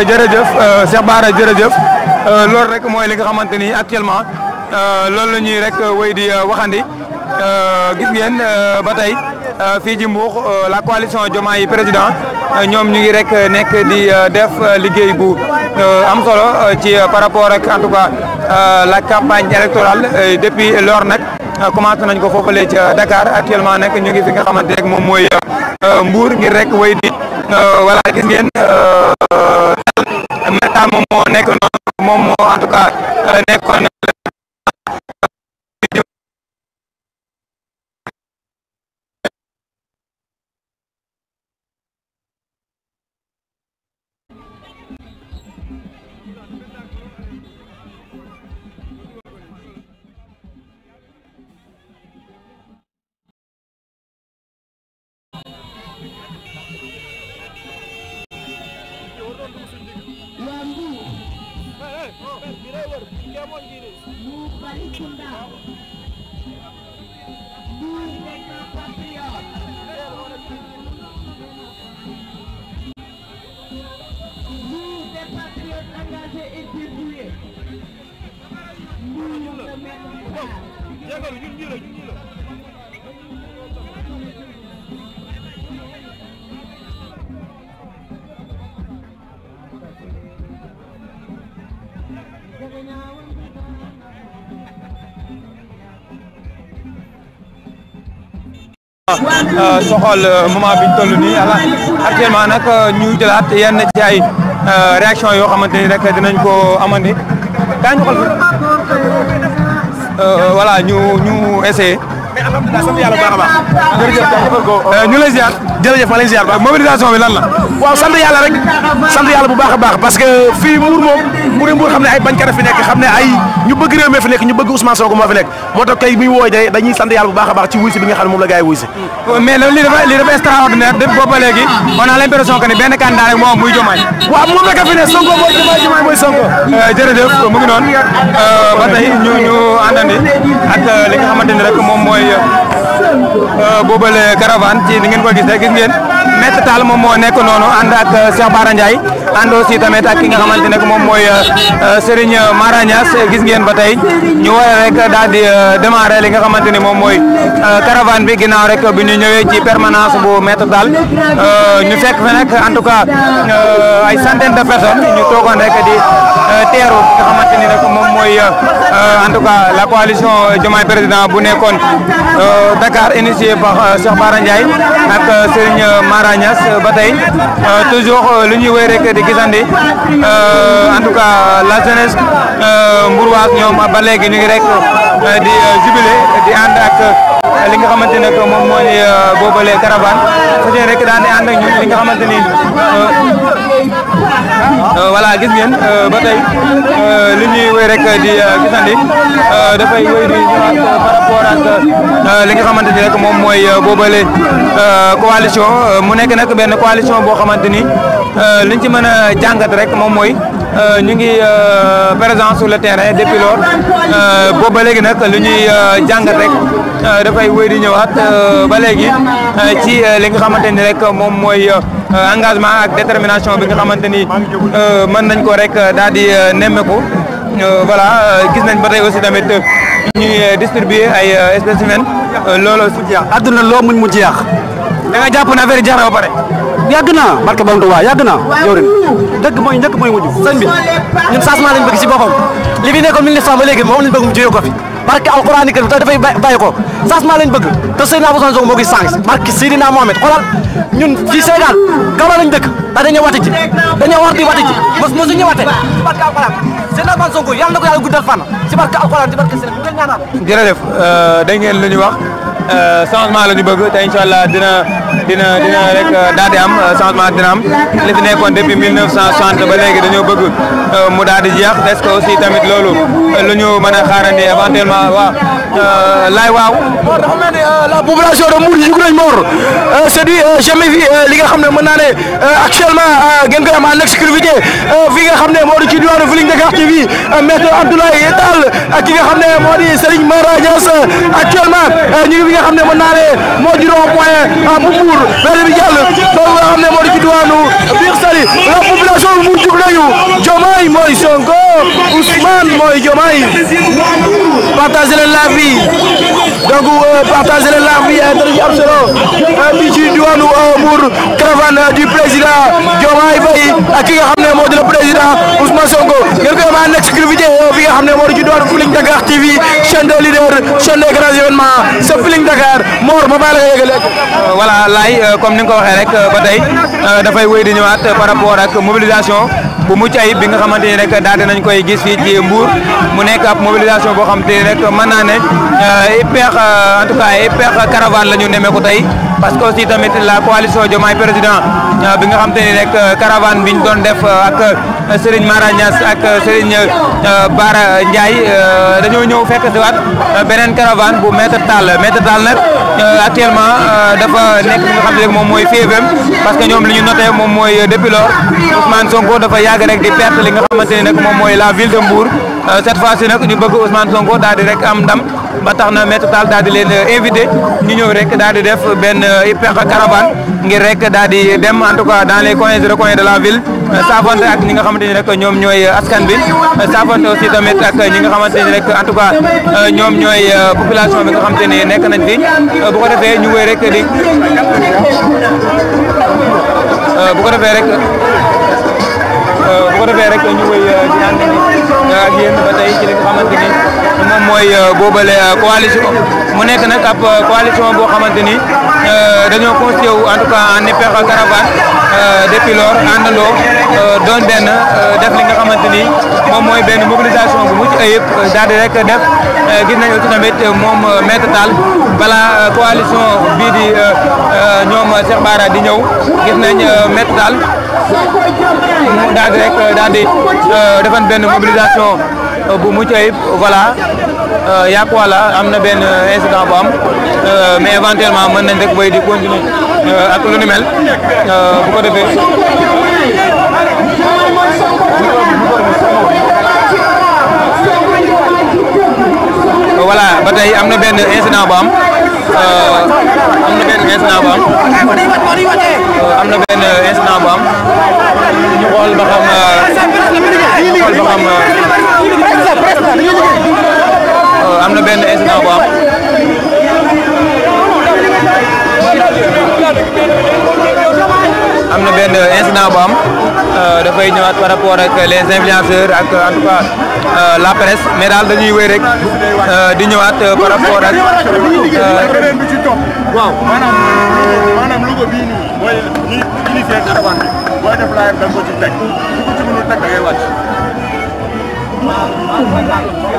Eh, jërëjëf eh, Cheikh jërëjëf eh, loolu rek mooy li nga xamante ni actuellement loolu la ñuy rek woy di waxandi gis ngeen ba tey fii ji Mbour la coalition yi président ñoom ñu ngi rek nekk di def liggéey bu am solo ci par rapport ak en tout cas la campagne électorale depuis lors nag commencé nañ ko foofalee ca Dakar actuellement nag ñu ngi fi nga xamante rek moom mooy Mbour ngir rek wéy di voilà gis ngeen nekk noonu moom moo en tout cas Nous Balikunda. Nous les patriotes. Nous des patriotes engagés et dévoués. Nous ne mettons pas. Jagana Euh, soxal euh, moment biñ toll nii alors actuellement nag euh, ñu jëlaat yenn ci ay réaction yoo xamante ni rek dinañ ko amandi daañu xool ñu ñu essayé mais alhamdulilah sant yàlla bu baax a baax. jërëjëf jaajëfal euh, lan la. waaw sant yàlla rek sant yàlla bu baax baax parce que fii Mbour moom mu ne xam ne ay bañkat fi nekk xam ne ay ñu bëgg réew mi fi nekk ñu bëgg Ousmane Sonko moo fi nekk moo tax kay muy wooy day dañuy sant yàlla bu baax baax ci wuy si bi nga xam ne la gars wuy si mais li dafa li dafa extraordinaire depuis booba léegi on a l'impression que ni benn candidat rek muy Diomaye waaw moom rek Euh, jërëjëf mu ngi noonu euh, ba tey ñu ñu àndandi ak euh, li nga xamante ni rek moom mooy Euh, boobale caravane ci ni ngeen ko gisee gis ngeen maître Tall moom moo nekk noonu ànd ak euh, Cheikh Bara Ndiaye ànd aussi nga xamante ne moom mooy euh, Serigne Mara gis ngeen ba tey ñu war rek daal di démarrer li nga xamante ni moom mooy caravane bi ginnaaw rek bi ñu ñëwee ci permanence bu maître Tall ñu fekk fi nag en tout cas ay centaine de ñu toogoon rek di. teeru ki nga ni nag moom mooy euh, euh, en tout cas la coalition Diomaye président bu nekkoon euh, Dakar initié par Cheikh Bara Ndiaye ak Serigne Mara ba tey toujours lu ñuy woy rek di gisandi en tout cas la jeunesse mbouroise ñoom ba léegi ñu ngi rek di jubilé di ànd ak. li nga xamante ne que moom moo di euh, boobale caravane fas rek daan di ànd ak ñun li nga xamante ni euh, euh, voilà gis ngeen ba tey li ñuy wéy rek di gisandi dafay wéy di par rapport ak li nga xamante ni rek moom mooy boobale coalition mu nekk nag benn coalition boo xamante ni liñ ci mën a jàngat rek moom mooy. Euh, ñu ngi euh, présent sur le terrain depuis lors euh, boobu ba léegi nag lu ñuy jàngat rek dafay wéy di ñëwaat ba léegi ci li nga xamante ni rek moom mooy engagement ak détermination bi nga xamante ni mën nañ ko rek daal di nemmeeku voilà gis nañ ba tey aussi tamit ñuy distribuer ay spécimens loolu. àdduna loo muñ mu jeex. da nga jàpp ne affaire yi jeex na ba pare. yàgg naa barke Borom Tuubaa yàgg naa jawrin dëgg mooy njëkk mooy mujj sëñ bi ñun changement lañ bëgg si boppam li fi nekkoon 1900 ba léegi moom lañ bëgg mu barke moo ngi change barke Seydina Mohamed xoolal ñun fii Sénégal Kaolack dëkk da wate ji dañoo war wate ji mos mosu ñu wate barke alquran Seydina Ousmane Sonko yàlla na ko yàlla guddal fan si barke alquran si barke Sénégal mu ngeen ñaanal jërëjëf euh, da ngeen lu Euh, changement la ñu bëgg te incha allah dina dina dina rek euh, daal di am euh, changement dina am li fi nekkoon depuis 1960 ba léegi dañoo bëgg mu daal di jeex est-ce que aussi tamit loolu lu ñu mën a xaarandi éventuellement waaw. Euh, laay waaw. bon dafa mel ni euh, la population de Mouride jug nañ Mor euh, c'est du jamais vu li nga xam ne mën naa ne actuellement ngeen koy am en exclusivité fi nga xam ne moo a ci diwaanu Feeling Dakar TV maître Abdoulaye Tall ak ki nga xam ne moo di Serigne Mara Niass actuellement ñu ngi fi nga xam ne mën naa a moo di rond-point bu Mbour la population bu Mouride jug nañu Diomaye mooy Sonko. Ousmane mooy Diomaye partagez leen live bi donc euh, partagez leen live bi dara ci am solo fii ci diwaanu Mbour euh, caravane président Diomaye Faye ak xam ne moo di président Ousmane Sonko ngeen koy ma en exclusivité euh, fi nga xam ne moo ci diwaanu Feeling Dakar TV chaîne leader chaîne des grands événements sa Dakar Mor ma bàyyi la nga yëgale voilà laay comme ni nga ko waxee rek ba tey dafay wéy di ñëwaat par rapport ak mobilisation bu mucc ayib bi nga xamante ni rek daal dinañ koy gis fii ci Mbour mu nekk ab mobilisation boo xamante ni rek man naa ne IPEX euh, euh, en tout cas IPEX caravane la ñu nemmeeku tey parce que tamit la coalition Diomaye président bi nga xam te ni rek euh, bi ñu doon def euh, ak euh, Serigne Mara Niass ak Serigne Bara Ndiaye dañoo ñëw fekk si waat beneen caravane bu Maître Tall Maître Tall nag actuellement dafa nekk li nga xam te rek moom mooy FFM parce que ñoom li ñu notee moom mooy depuis lors Ousmane Sonko dafa yàgg rek di perte li nga xamante ni nag moom mooy la ville de Euh, cette fois ci nag ñu bëgg Ousmane Sonko daal di rek am ndam ba tax na Maître Tall daal di leen euh, invité ñu ñëw rek daal di def benn euh, pexe caravane ngir rek daal di dem en tout cas dans les coins et recoins de la ville savante ak ñi nga xamante ni rek ñoom ñooy askan bi savante aussi tamit ak ñi nga xamante ni rek en tout cas ñoom ñooy population bi nga xamante ni nekk nañ fi bu ko defee ñu wéy rek di bu ko defee rek. bu ko rek ñu wëy di ànd ak yéen ba tey ci li nga xamante moom mooy euh, boobale euh, coalition mu nekk nag ab euh, coalition boo xamante ni dañoo constitué wu en tout cas en EPEX caravane depuis lors àndandoo doon benn def li nga xamante ni moom mooy benn mobilisation bu mucc ayib daal di rek def gis nañu aussi tamit moom maître balaa coalition bii di ñoom Cheikh Bara di ñëw gis nañ maître Tall mu daal rek euh, daal euh, defan benn mobilisation euh, bu mucc ayib voilà yàq wala am na benn incident bu am mais éventuellement mën nañ rek bay di continuer ak lu bu ko defee. voilà ba tey am na benn incident bu am. incident bu am am na benn incident bu am na benn am. na benn incident bu Euh, dafay ñëwaat par rapport ak les influenceurs ak en tout cas euh, la presse mais daal dañuy wéy rek euh, di ñëwaat par rapport ak. waaw maanaam maanaam logo bii nii mooy ñi initié caravane bi booy def live da nga ko ci teg ku ko ci mënul teg da ngay wàcc.